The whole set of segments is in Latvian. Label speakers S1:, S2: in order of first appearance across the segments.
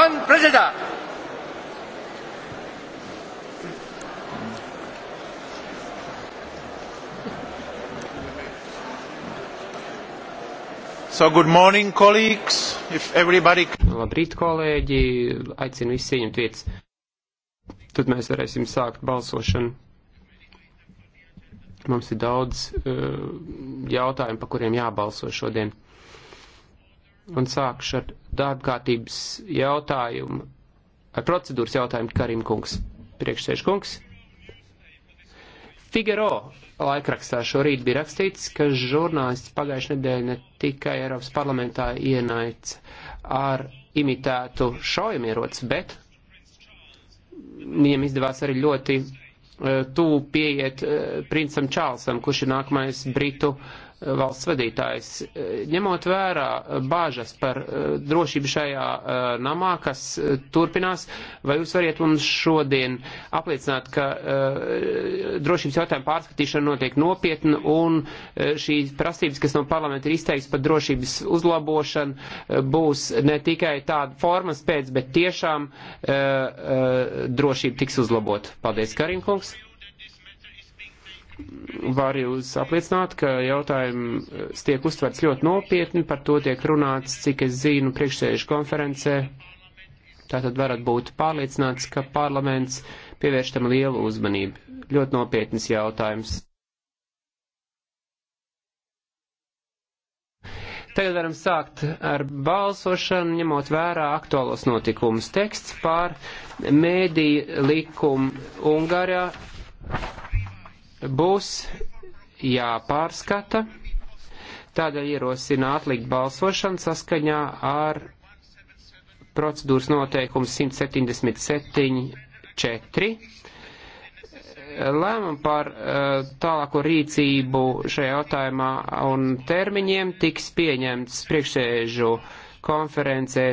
S1: Pan prezydent! So good morning, colleagues. If everybody... Labrīt, kolēģi. Aicinu visus ieņemt vietas. Tad mēs varēsim sākt balsošanu. Mums ir daudz uh, jautājumu, pa kuriem jābalso šodien un sākšu ar darbkārtības jautājumu, ar procedūras jautājumu Karim kungs, priekšsēž kungs. Figaro laikrakstā šorīt bija rakstīts, ka žurnālists pagājušajā nedēļā ne tikai Eiropas parlamentā ienaica ar imitētu šaujamierots, bet viņam izdevās arī ļoti uh, eh, tūp pieiet uh, princam Čārlsam, kurš ir nākamais Britu uh, valsts vadītājs, eh, ņemot vērā eh, bāžas par eh, drošību šajā namā, kas turpinās, vai jūs variet mums šodien apliecināt, ka drošības jautājumu pārskatīšana notiek nopietni un šīs prasības, kas no parlamenta ir izteikts par drošības uzlabošanu, būs ne tikai tāda formas pēc, bet tiešām drošība tiks uzlabota. Paldies, Karinkungs! var jūs apliecināt, ka jautājums eh, tiek uztverts ļoti nopietni, par to tiek runāts, cik es zinu, priekšsēžu konferencē. Tātad varat būt pārliecināts, ka parlaments pievērš tam lielu uzmanību. Ļoti nopietnas jautājums. Tagad varam sākt ar balsošanu, ņemot vērā aktuālos notikumus. Teksts pār mēdī likumu Ungārijā būs jāpārskata. Tādēļ ierosina atlikt balsošanu saskaņā ar procedūras noteikumu 177.4. Lēmumu par eh, tālāko rīcību šajā jautājumā un termiņiem tiks pieņemts priekšsēžu konferencē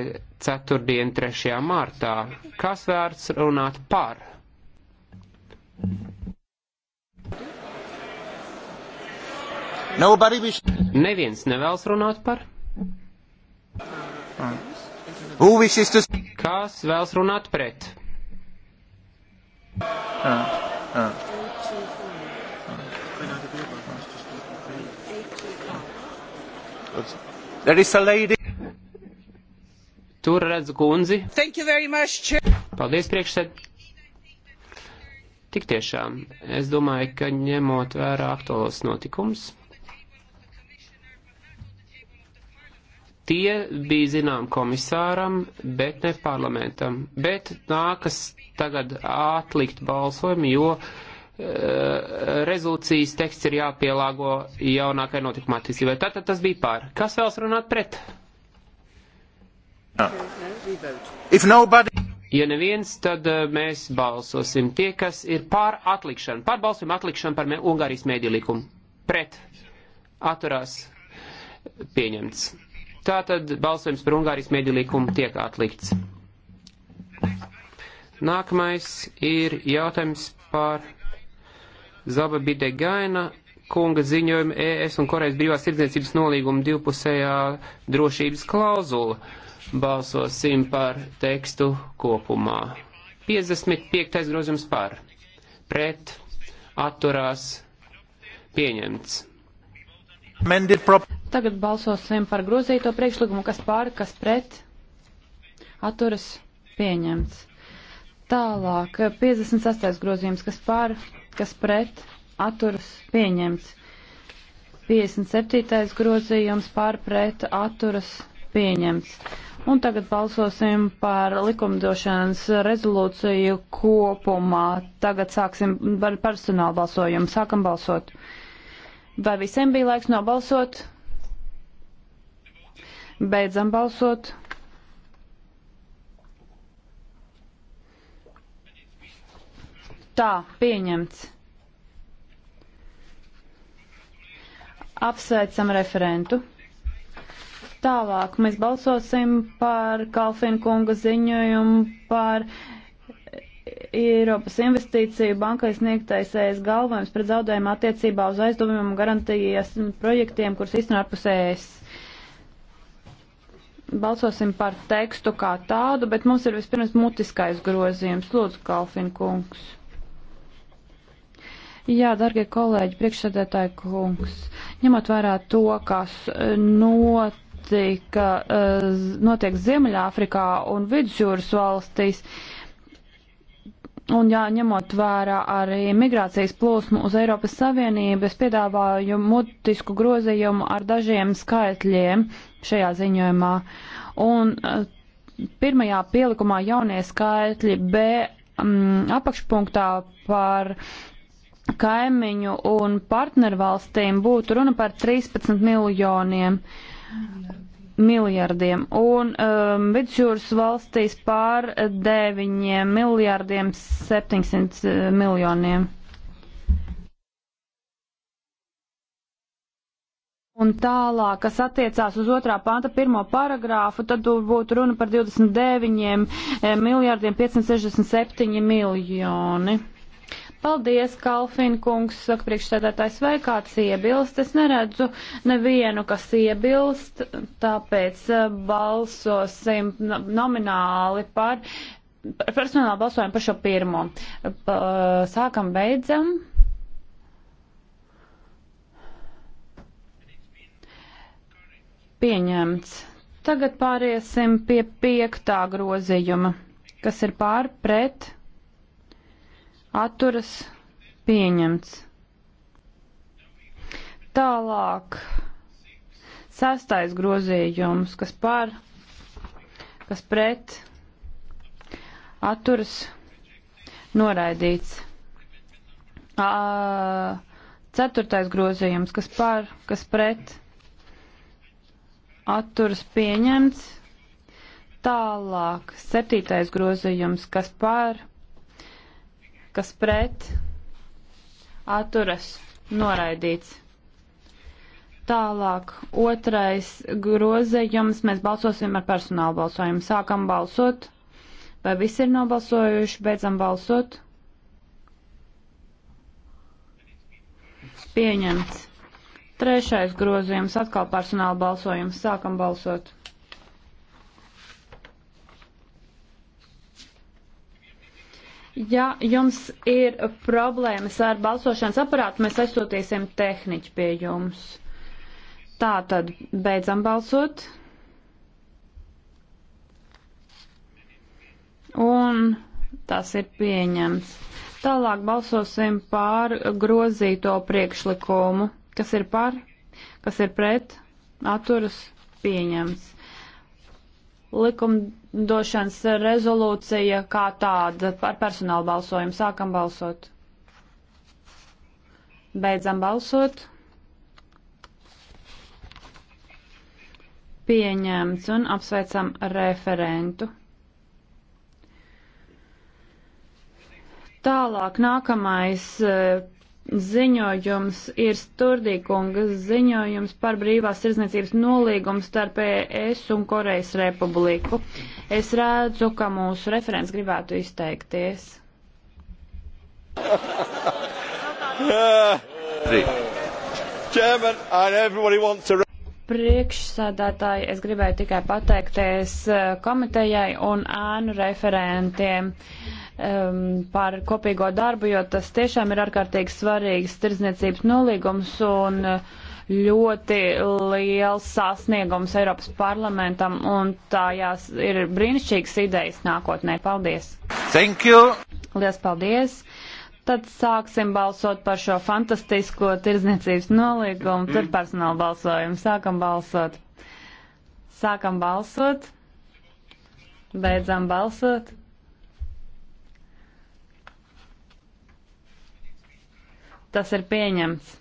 S1: 4. 3. martā. Kas vērts runāt par? Thank you. Neviens nevēlas runāt par. Kas vēlas runāt pret? Tur redz gundzi. Paldies priekšsēd. Tik tiešām, es domāju, ka ņemot vērā aktuālos notikums. Tie bija zinām komisāram, bet ne parlamentam. Bet nākas tagad atlikt balsojumu, jo uh, rezolūcijas teksts ir jāpielāgo jaunākai notikuma attīstībai. Tātad tas bija pār. Kas vēlas runāt pret? No. Nobody... Ja neviens, tad eh, mēs balsosim tie, kas ir pār atlikšanu. Pār balsojumu atlikšanu par Ungārijas mēdī likumu. Pret. Atturās. Pieņemts. Tātad balsojums par Ungārijas mēdīlīkumu tiek atlikts. Nākamais ir jautājums par Zaba Bidegaina kunga ziņojumu ES un Korejas brīvās tirdzniecības nolīguma divpusējā drošības klauzula. Balsosim par tekstu kopumā. 55. grozījums par. Pret. Atturās. Pieņemts. Amended
S2: prop Tagad balsosim par grozīto priekšlikumu, kas pār, kas pret, atturas pieņemts. Tālāk, 56. grozījums, kas pār, kas pret, atturas pieņemts. 57. grozījums pār, pret, atturas pieņemts. Un tagad balsosim par likumdošanas rezolūciju kopumā. Tagad sāksim par personālu balsojumu. Sākam balsot. Vai visiem bija laiks nobalsot? Beidzam balsot. Tā, pieņemts. Apsveicam referentu. Tālāk mēs balsosim par Kalfina kunga ziņojumu par Eiropas investīciju bankai sniegtais ES galvojums pret zaudējumu attiecībā uz aizdevumiem un garantijas projektiem, kurus īstenot ārpus ES balsosim par tekstu kā tādu, bet mums ir vispirms mutiskais grozījums. Lūdzu, Kalfin kungs. Jā, darbie kolēģi, priekšsēdētāji kungs, ņemot vērā to, kas notika, eh, notiek Ziemeļāfrikā un Vidusjūras valstīs, uh, Un jā, ņemot vērā arī migrācijas plūsmu uz Eiropas Savienību, es piedāvāju mutisku grozījumu ar dažiem skaitļiem šajā ziņojumā. Un eh, pirmajā pielikumā jaunie skaitļi B m, mm, apakšpunktā par kaimiņu un partnervalstīm būtu runa par 13 miljoniem miljardiem un um, vidusjūras valstīs pār 9 miljardiem 700 uh, miljoniem. Un tālāk, kas attiecās uz otrā panta pirmo paragrāfu, tad būtu runa par 29 miljārdiem 567 miljoni. Paldies, Kalfin kungs, saka priekšsēdētājs, vai kāds iebilst? Es neredzu nevienu, kas iebilst, tāpēc eh, balsosim nomināli par personāli balsojumu par šo pirmo. Eh, sākam, beidzam. Pieņemts. Tagad pāriesim pie piektā grozījuma, kas ir pār pret atturas pieņemts. Tālāk sastais grozījums, kas par, kas pret, atturas noraidīts. À, ceturtais grozījums, kas par, kas pret, atturas pieņemts. Tālāk septītais grozījums, kas par, pret kas pret atturas noraidīts. Tālāk, otrais grozējums, mēs balsosim ar personālu balsojumu. Sākam balsot, vai visi ir nobalsojuši, beidzam balsot. Pieņemts. Trešais grozījums, atkal personāla balsojums, sākam balsot. Ja jums ir problēmas ar balsošanas aparātu, mēs aizsūtīsim tehniķu pie jums. Tā tad beidzam balsot. Un tas ir pieņemts. Tālāk balsosim par grozīto priekšlikumu. Kas ir par, kas ir pret, atturas pieņemts likumdošanas rezolūcija kā tāda par personālu balsojumu. Sākam balsot. Beidzam balsot. Pieņemts un apsveicam referentu. Tālāk nākamais eh, ziņojums ir Sturdīkungas ziņojums par brīvās tirdzniecības nolīgumu starp ES un Korejas Republiku. Es redzu, ka mūsu referents gribētu izteikties.
S1: Chairman, and everybody wants to
S2: priekšsādātāji, es gribēju tikai pateikties eh, komitejai un ēnu referentiem um, par kopīgo darbu, jo tas tiešām ir ārkārtīgi svarīgs tirdzniecības nolīgums un eh, ļoti liels sasniegums Eiropas parlamentam, un tā jās ir brīnišķīgas idejas nākotnē. Paldies! Thank you! Lielas paldies! Tad sāksim balsot par šo fantastisko tirzniecības nolīgumu. Tur mm. personāla balsojumu. Sākam balsot. Sākam balsot. Beidzam balsot. Tas ir pieņemts.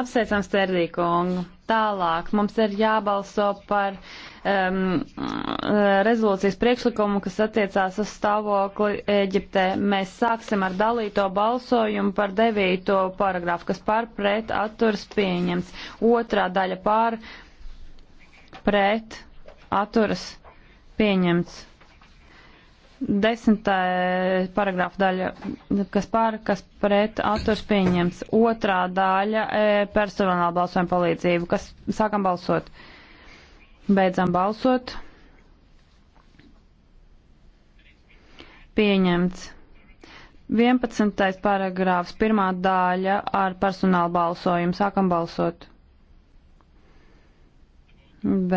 S2: Apsveicam Sterdīkungu tālāk. Mums ir jābalso par um, rezolūcijas priekšlikumu, kas attiecās uz stāvokli Eģiptē. Mēs sāksim ar dalīto balsojumu par devīto paragrāfu, kas par pret atturas pieņems. Otrā daļa par pret atturas pieņems. Desmitā eh, paragrāfa daļa, kas pār, kas pret atturs pieņems. Otrā daļa eh, - personāla balsojuma palīdzību, kas sākam balsot. Beidzam balsot. Pieņemts. 11. paragrāfs, pirmā daļa ar personālu balsojumu. Sākam balsot.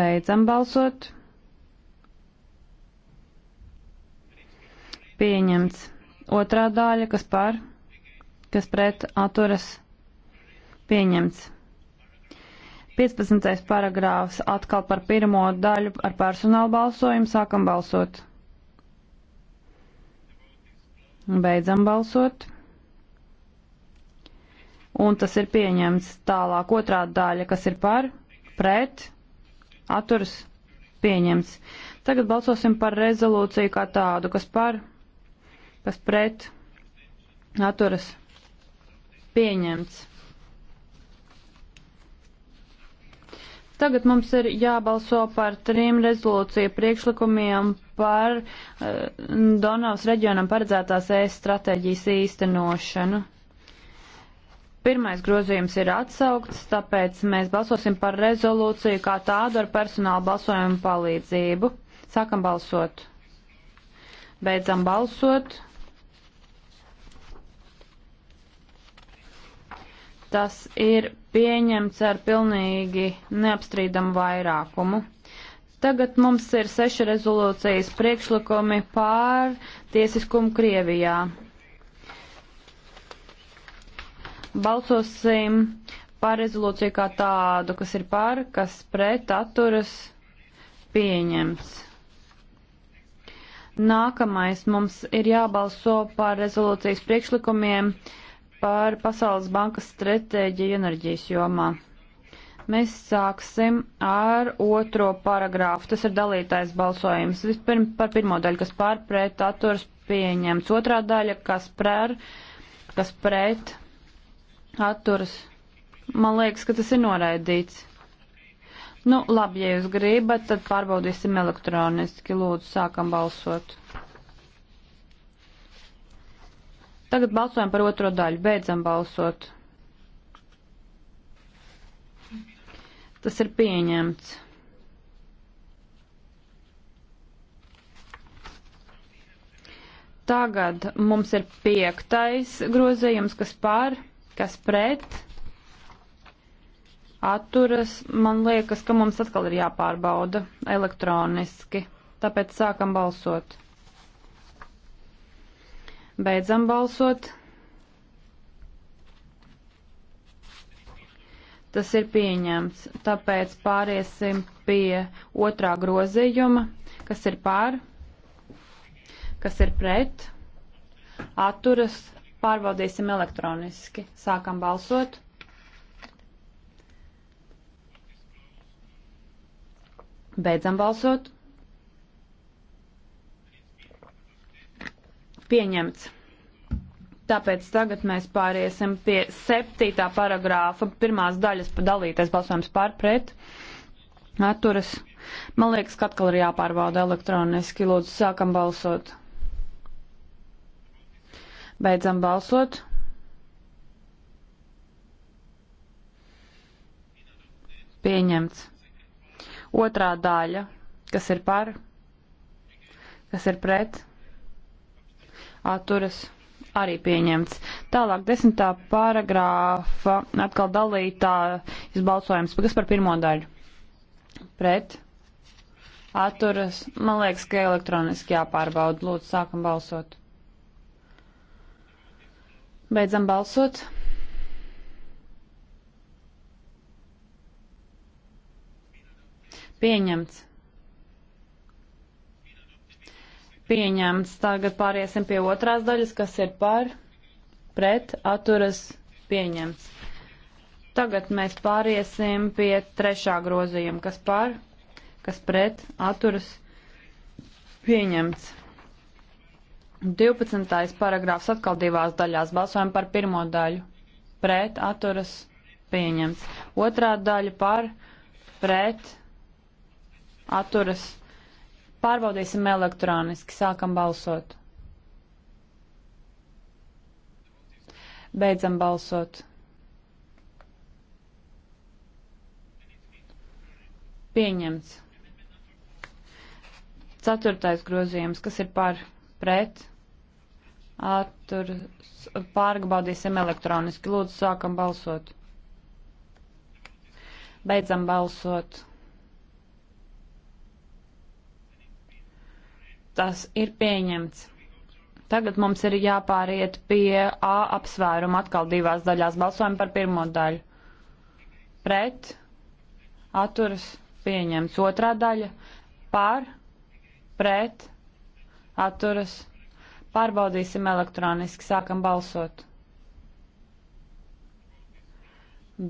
S2: Beidzam balsot. pieņemts. Otrā daļa, kas par, kas pret atturas pieņemts. 15. paragrāfs atkal par pirmo daļu ar personālu balsojumu sākam balsot. Beidzam balsot. Un tas ir pieņemts tālāk otrā daļa, kas ir par, pret, atturas pieņemts. Tagad balsosim par rezolūciju kā tādu, kas par kas pret atturas pieņemts. Tagad mums ir jābalso par trim rezolūciju priekšlikumiem par uh, Donavas reģionam paredzētās ēst stratēģijas īstenošanu. Pirmais grozījums ir atsaukts, tāpēc mēs balsosim par rezolūciju kā tādu ar personālu balsojumu palīdzību. Sākam balsot. Beidzam balsot. Tas ir pieņemts ar pilnīgi neapstrīdamu vairākumu. Tagad mums ir seši rezolūcijas priekšlikumi pār tiesiskumu Krievijā. Balsosim par rezolūciju kā tādu, kas ir par, kas pret atturas pieņemts. Nākamais mums ir jābalso par rezolūcijas priekšlikumiem uh, par Pasaules bankas stratēģiju enerģijas jomā. Mēs sāksim ar otro paragrāfu. Tas ir dalītais balsojums. Vispirms par pirmo daļu, kas pārpret atturs pieņemts. Otrā daļa, kas prer, kas pret atturs. Man liekas, ka tas ir noraidīts. Nu, labi, ja jūs gribat, tad pārbaudīsim elektroniski. Lūdzu, sākam balsot. Tagad balsojam par otro daļu. Beidzam balsot. Tas ir pieņemts. Tagad mums ir piektais grozījums, kas par, kas pret, atturas. Man liekas, ka mums atkal ir jāpārbauda elektroniski. Tāpēc sākam balsot. Beidzam balsot. Tas ir pieņemts. Tāpēc pāriesim pie otrā grozījuma, kas ir pār, kas ir pret, atturas, pārbaudīsim elektroniski. Sākam balsot. Beidzam balsot. pieņemts. Tāpēc tagad mēs pāriesim pie septītā paragrāfa pirmās daļas dalīties balsojums par pret atturas. Man liekas, ka atkal ir jāpārbauda elektroniski. Lūdzu, sākam balsot. Beidzam balsot. Pieņemts. Otrā daļa, kas ir par, kas ir pret atturas arī pieņemts. Tālāk, desmitā paragrāfa, atkal dalītā izbalsojums, kas par pirmo daļu? Pret. Atturas. Man liekas, ka elektroniski jāpārbauda. Lūdzu, sākam balsot. Beidzam balsot. Pieņemts. pieņemts. Tagad pāriesim pie otrās daļas, kas ir par, pret, atturas pieņemts. Tagad mēs pāriesim pie trešā grozījuma, kas par, kas pret, atturas pieņemts. 12. paragrāfs atkal divās daļās. Balsojam par pirmo daļu. Pret, atturas pieņemts. Otrā daļa par, pret, atturas pieņemts Pārbaudīsim elektroniski, sākam balsot. Beidzam balsot. Pieņemts. Ceturtais grozījums, kas ir par pret, attur, pārbaudīsim elektroniski. Lūdzu, sākam balsot. Beidzam balsot. tas ir pieņemts. Tagad mums ir jāpāriet pie A apsvēruma atkal divās daļās. Balsojam par pirmo daļu. Pret, atturas, pieņemts. Otrā daļa par, pret, atturas. Pārbaudīsim elektroniski, sākam balsot.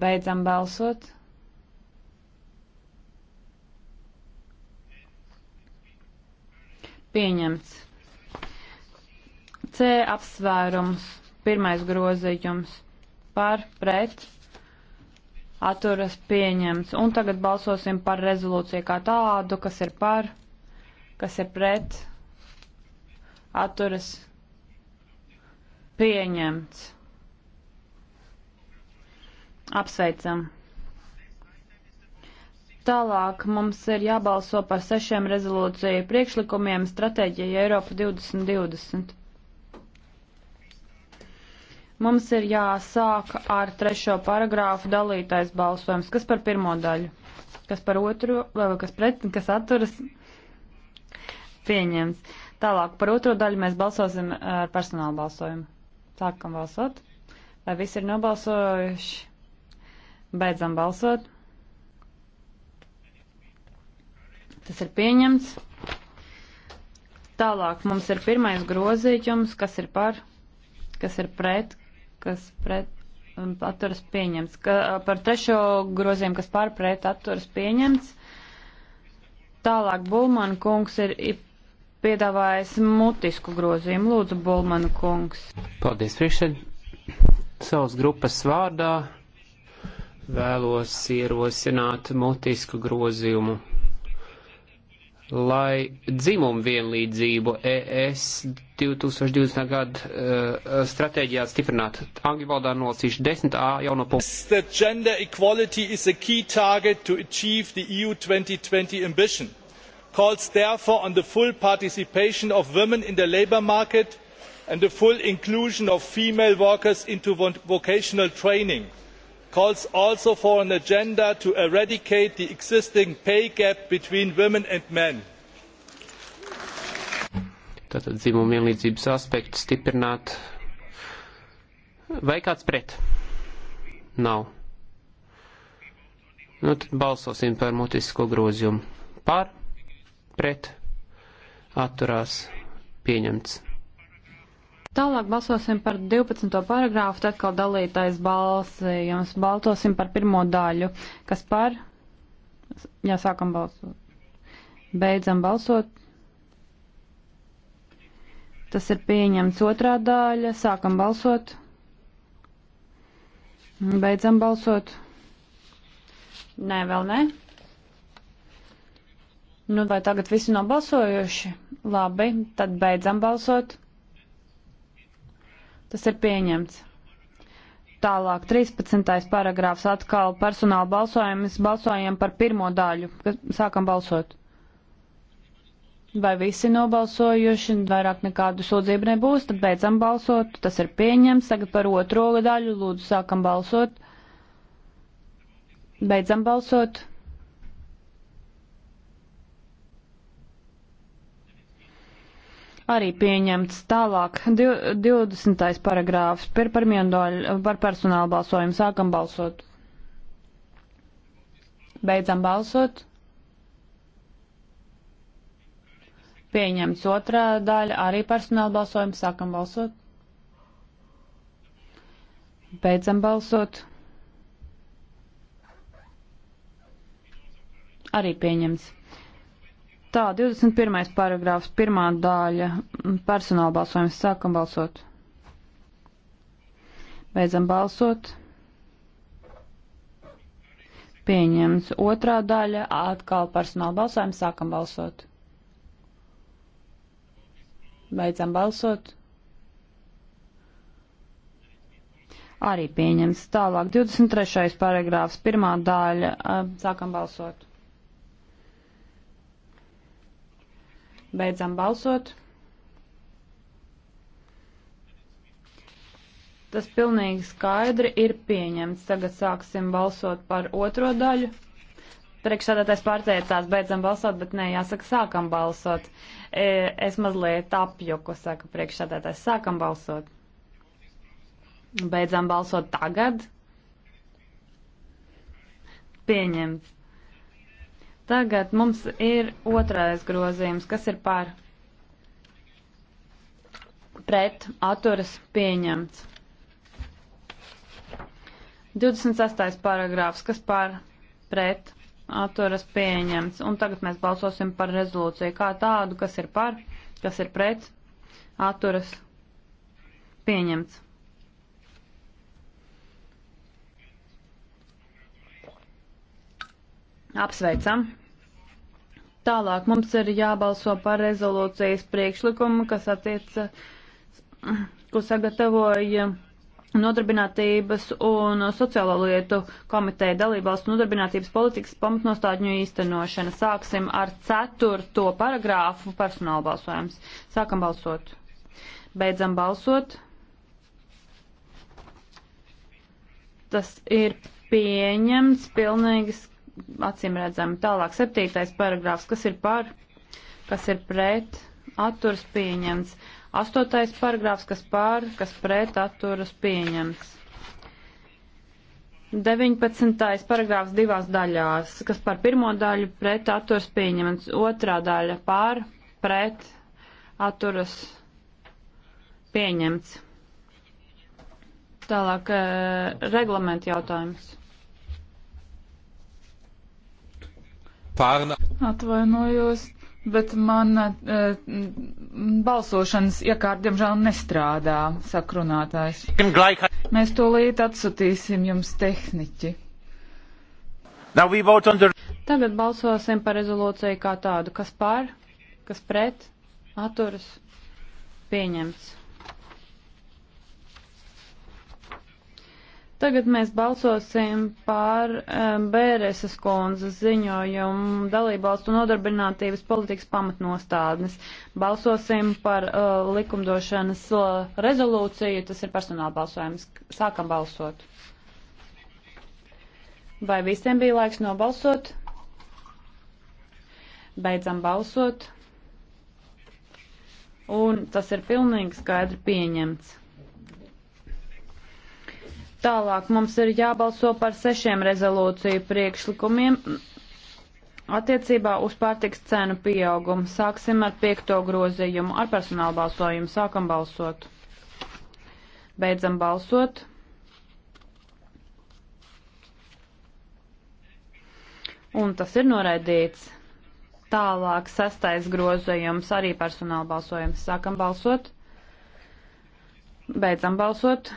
S2: Beidzam balsot. pieņemts. C apsvērums, pirmais grozījums par pret atturas pieņemts. Un tagad balsosim par rezolūciju kā tādu, kas ir par, kas ir pret atturas pieņemts. Apsveicam! Tālāk mums ir jābalso par sešiem rezolūciju priekšlikumiem stratēģija Eiropa 2020. Mums ir jāsāk ar trešo paragrāfu dalītais balsojums. Kas par pirmo daļu? Kas par otro? Vai kas pret? Kas atturas? Pieņems. Tālāk par otro daļu mēs balsosim eh, ar personālu balsojumu. Sākam balsot. Vai visi ir nobalsojuši? Beidzam balsot. Tas ir pieņemts. Tālāk mums ir pirmais grozījums, kas ir par, kas ir pret, kas pret um, atturas pieņemts. Ka, uh, par trešo grozījumu, kas par pret atturas pieņemts. Tālāk Bulman kungs ir piedāvājis mutisku grozījumu. Lūdzu, Bulman kungs.
S1: Paldies, priekšsēd. Savas grupas vārdā vēlos ierosināt mutisku grozījumu lai dzimumu vienlīdzību e ES 2020. gada uh, stratēģijā stiprinātu. Angļu valodā nolasīšu 10a jauno punktu.
S2: Gender equality is a key target to achieve the EU 2020 ambition. Calls therefore on the full participation of women in the labour
S1: market and the full inclusion of female workers into vocational training calls also for an agenda to eradicate the existing pay gap between women and men. Tātad dzimuma vienlīdzības aspektu stiprināt. Vai kāds pret? Nav. Nu, tad balsosim par mutisko grozījumu. Par, pret, atturās, pieņemts.
S2: Tālāk balsosim par 12. paragrāfu, tad atkal dalītais balsījums. Balsosim par pirmo daļu, kas par, jā, sākam balsot. Beidzam balsot. Tas ir pieņemts otrā daļa, sākam balsot. Beidzam balsot. Nē, vēl nē. Nu, vai tagad visi nobalsojuši? Labi, tad beidzam balsot. Tas ir pieņemts. Tālāk, 13. paragrāfs atkal personāla balsojums. Balsojam par pirmo daļu. Sākam balsot. Vai visi nobalsojuši, vairāk nekādu sūdzību nebūs, tad beidzam balsot. Tas ir pieņemts. Tagad par otro daļu lūdzu sākam balsot. Beidzam balsot. arī pieņemts tālāk. 20. paragrāfs par, par, miendoļu, par personālu balsojumu. Sākam balsot. Beidzam balsot. Pieņemts otrā daļa, arī personāla balsojuma. Sākam balsot. Beidzam balsot. Arī pieņemts. Tā, 21. paragrāfs, pirmā daļa, mm, personāla balsojums, sākam balsot. Beidzam balsot. Pieņemts. Otrā daļa, atkal personāla balsojums, sākam balsot. Beidzam balsot. Arī pieņemts. Tālāk, 23. paragrāfs, pirmā daļa, sākam balsot. Beidzam balsot. Tas pilnīgi skaidri ir pieņemts. Tagad sāksim balsot par otro daļu. Priekšsādātais pārteicās, beidzam balsot, bet nē, jāsaka, sākam balsot. E, es mazliet apjuku, saka priekšsādātais, sākam balsot. Beidzam balsot tagad. Pieņemts. Tagad mums ir otrais grozījums, kas ir par pret atturas pieņemts. 26. paragrāfs, kas par pret atturas pieņemts. Un tagad mēs balsosim par rezolūciju kā tādu, kas ir par, kas ir pret atturas pieņemts. Apsveicam! Tālāk mums ir jābalso par rezolūcijas priekšlikumu, kas attieca, ko sagatavoja Nodarbinātības un sociālo lietu komiteja dalībvalstu nodarbinātības politikas pamatnostādņu īstenošana. Sāksim ar ceturto paragrāfu personāla balsojums. Sākam balsot. Beidzam balsot. Tas ir pieņemts pilnīgi skaidrs acīm redzami. Tālāk, septītais paragrāfs, kas ir par, kas ir pret, atturas pieņemts. Astotais paragrāfs, kas par, kas pret, atturas pieņemts. 19. paragrāfs divās daļās, kas par pirmo daļu pret atturas pieņemts, otrā daļa par, pret, atturas pieņemts. Tālāk, eh, reglamenta jautājums. pārna. Atvainojos, bet mana e, balsošanas iekārta, diemžēl, nestrādā, sakrunātājs. Mēs tūlīt atsūtīsim jums tehniķi.
S1: The...
S2: Tagad balsosim par rezolūciju kā tādu, kas pār, kas pret, atturas, pieņemts. Tagad mēs balsosim pār um, eh, Bēreses kundzes ziņojumu dalībvalstu nodarbinātības politikas pamatnostādnes. Balsosim par uh, likumdošanas uh, rezolūciju, tas ir personāla balsojums. Sākam balsot. Vai visiem bija laiks nobalsot? Beidzam balsot. Un tas ir pilnīgi skaidri pieņemts. Tālāk mums ir jābalso par sešiem rezolūciju priekšlikumiem attiecībā uz pārtiks cenu pieaugumu. Sāksim ar piekto grozījumu, ar personālu balsojumu. Sākam balsot. Beidzam balsot. Un tas ir noraidīts. Tālāk sastais grozījums, arī personāla balsojums. Sākam balsot. Beidzam balsot.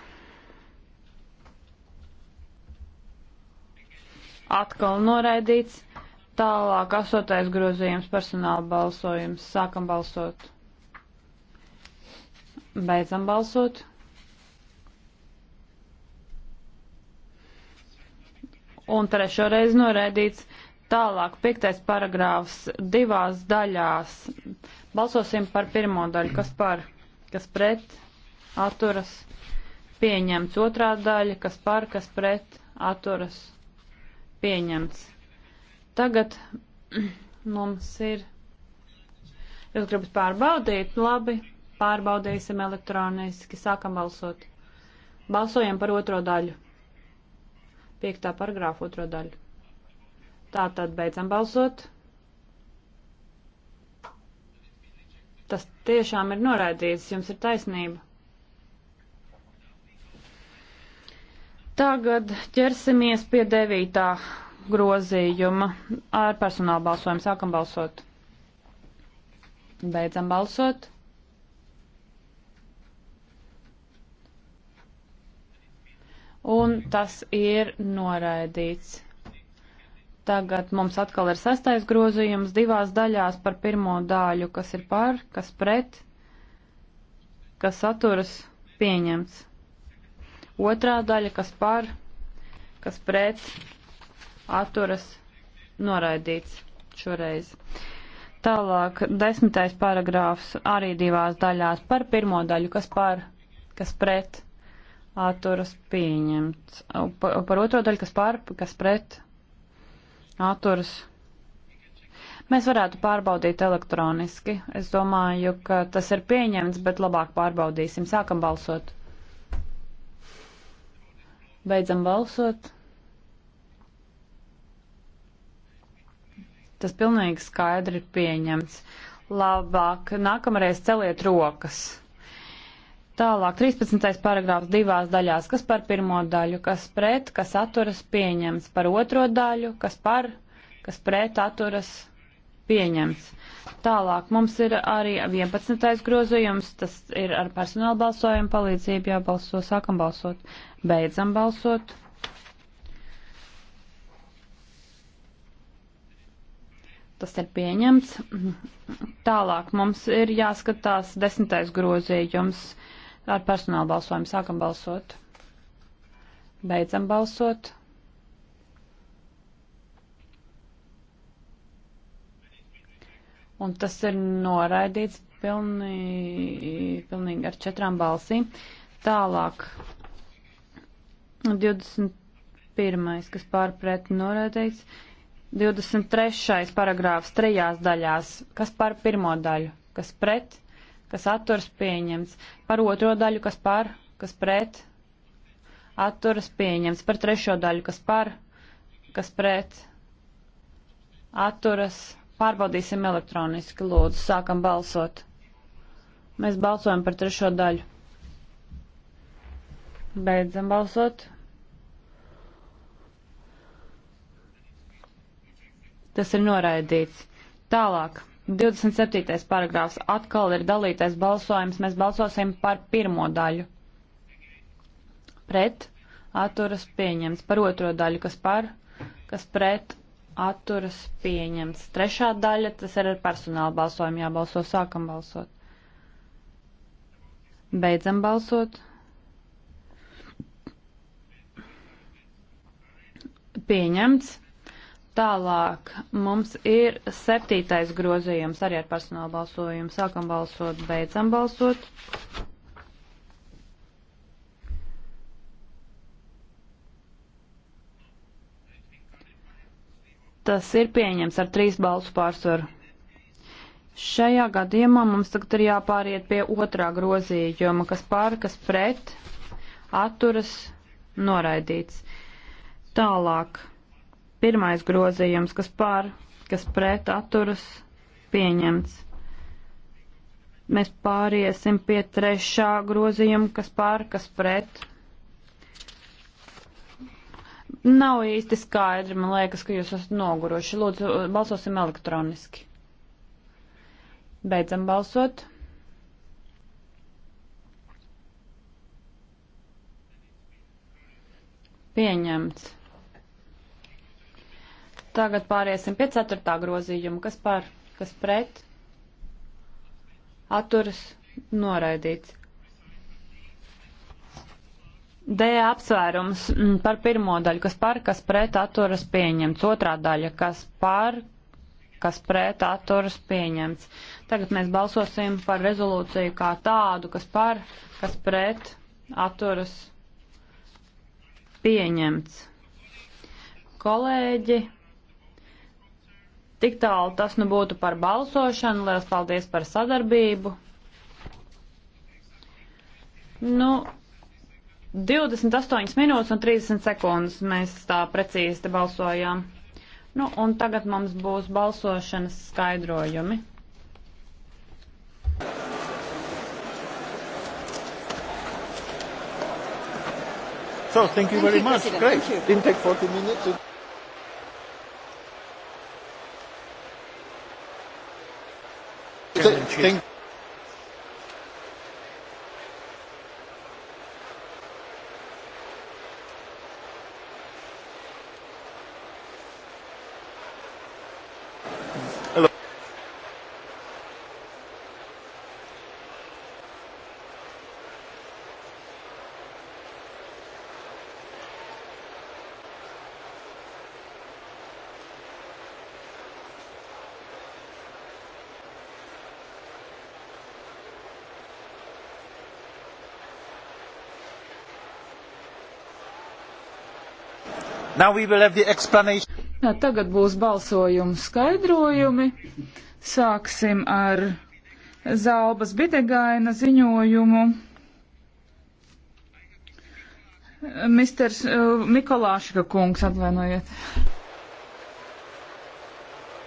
S2: atkal noraidīts. Tālāk astotais grozījums personāla balsojums. Sākam balsot. Beidzam balsot. Un trešo reizi noraidīts. Tālāk piektais paragrāfs divās daļās. Balsosim par pirmo daļu. Kas par? Kas pret? Atturas. Pieņemts otrā daļa. Kas par? Kas pret? Atturas pieņemts. Tagad mums ir. Jūs gribat pārbaudīt? Labi, pārbaudīsim elektroniski, sākam balsot. Balsojam par otro daļu. Piektā paragrāfa otro daļu. Tā tad beidzam balsot. Tas tiešām ir noraidīts, jums ir taisnība. Tagad ķersimies pie devītā grozījuma ar personālu balsojumu. Sākam balsot. Beidzam balsot. Un tas ir noraidīts. Tagad mums atkal ir sastais grozījums divās daļās par pirmo daļu, kas ir par, kas pret, kas saturas pieņemts Otrā daļa, kas par, kas pret, atturas, noraidīts šoreiz. Tālāk, desmitais paragrāfs arī divās daļās par pirmo daļu, kas par, kas pret, atturas pieņemts. Par, par otro daļu, kas par, kas pret, atturas. Mēs varētu pārbaudīt elektroniski. Es domāju, ka tas ir pieņemts, bet labāk pārbaudīsim. Sākam balsot. Beidzam balsot. Tas pilnīgi skaidri ir pieņemts. Labāk, nākamreiz celiet rokas. Tālāk, 13. paragrāfs divās daļās, kas par pirmo daļu, kas pret, kas atturas pieņems, par otro daļu, kas par, kas pret atturas pieņems pieņemts. Tālāk mums ir arī 11. grozījums, tas ir ar personāla balsojumu palīdzību jābalso, sākam balsot, beidzam balsot. Tas ir pieņemts. Tālāk mums ir jāskatās 10. grozījums ar personāla balsojumu, sākam balsot, beidzam balsot. un tas ir noraidīts pilnī, pilnīgi ar četrām balsīm. Tālāk 21. kas pārpret noraidīts. 23. paragrāfs trijās daļās, kas par pirmo daļu, kas pret, kas atturas pieņemts, par otro daļu, kas par, kas pret, atturas pieņemts, par trešo daļu, kas par, kas pret, atturas pieņemts Pārbaudīsim elektroniski, lūdzu, sākam balsot. Mēs balsojam par trešo daļu. Beidzam balsot. Tas ir noraidīts. Tālāk. 27. paragrāfs atkal ir dalītais balsojums. Mēs balsosim par pirmo daļu. Pret atturas pieņemts. Par otro daļu, kas par, kas pret atturas pieņemts. Trešā daļa, tas ir ar personāla balsojumu jābalso, sākam balsot. Beidzam balsot. Pieņemts. Tālāk mums ir septītais grozījums arī ar personāla balsojumu. Sākam balsot, beidzam balsot. tas ir pieņems ar trīs balsu pārsvaru. Šajā gadījumā mums tagad ir jāpāriet pie otrā grozījuma, kas pār, kas pret, atturas, noraidīts. Tālāk, pirmais grozījums, kas pār, kas pret, atturas, pieņemts. Mēs pāriesim pie trešā grozījuma, kas pār, kas pret, nav īsti skaidri. Man liekas, ka jūs esat noguruši. Lūdzu, balsosim elektroniski. Beidzam balsot. Pieņemts. Tagad pāriesim pie ceturtā grozījuma. Kas par, kas pret? Atturas noraidīts. D apsvērums mm, par pirmo daļu, kas par, kas pret atturas pieņemts. Otrā daļa, kas par, kas pret atturas pieņemts. Tagad mēs balsosim par rezolūciju kā tādu, kas par, kas pret atturas pieņemts. Kolēģi, tik tālu tas nu būtu par balsošanu. Lielas paldies par sadarbību. Nu, 28 minūtes un 30 sekundes mēs tā precīzi balsojām. Nu, un tagad mums būs balsošanas skaidrojumi. So, thank you thank very you, much. President. Great. Thank you. Didn't take 40 minutes. Thank you.
S1: Jā,
S2: tagad būs balsojumu skaidrojumi. Sāksim ar Zalbas Bidegaina ziņojumu. Mr. Uh, Mikolāšika kungs, atvainojiet.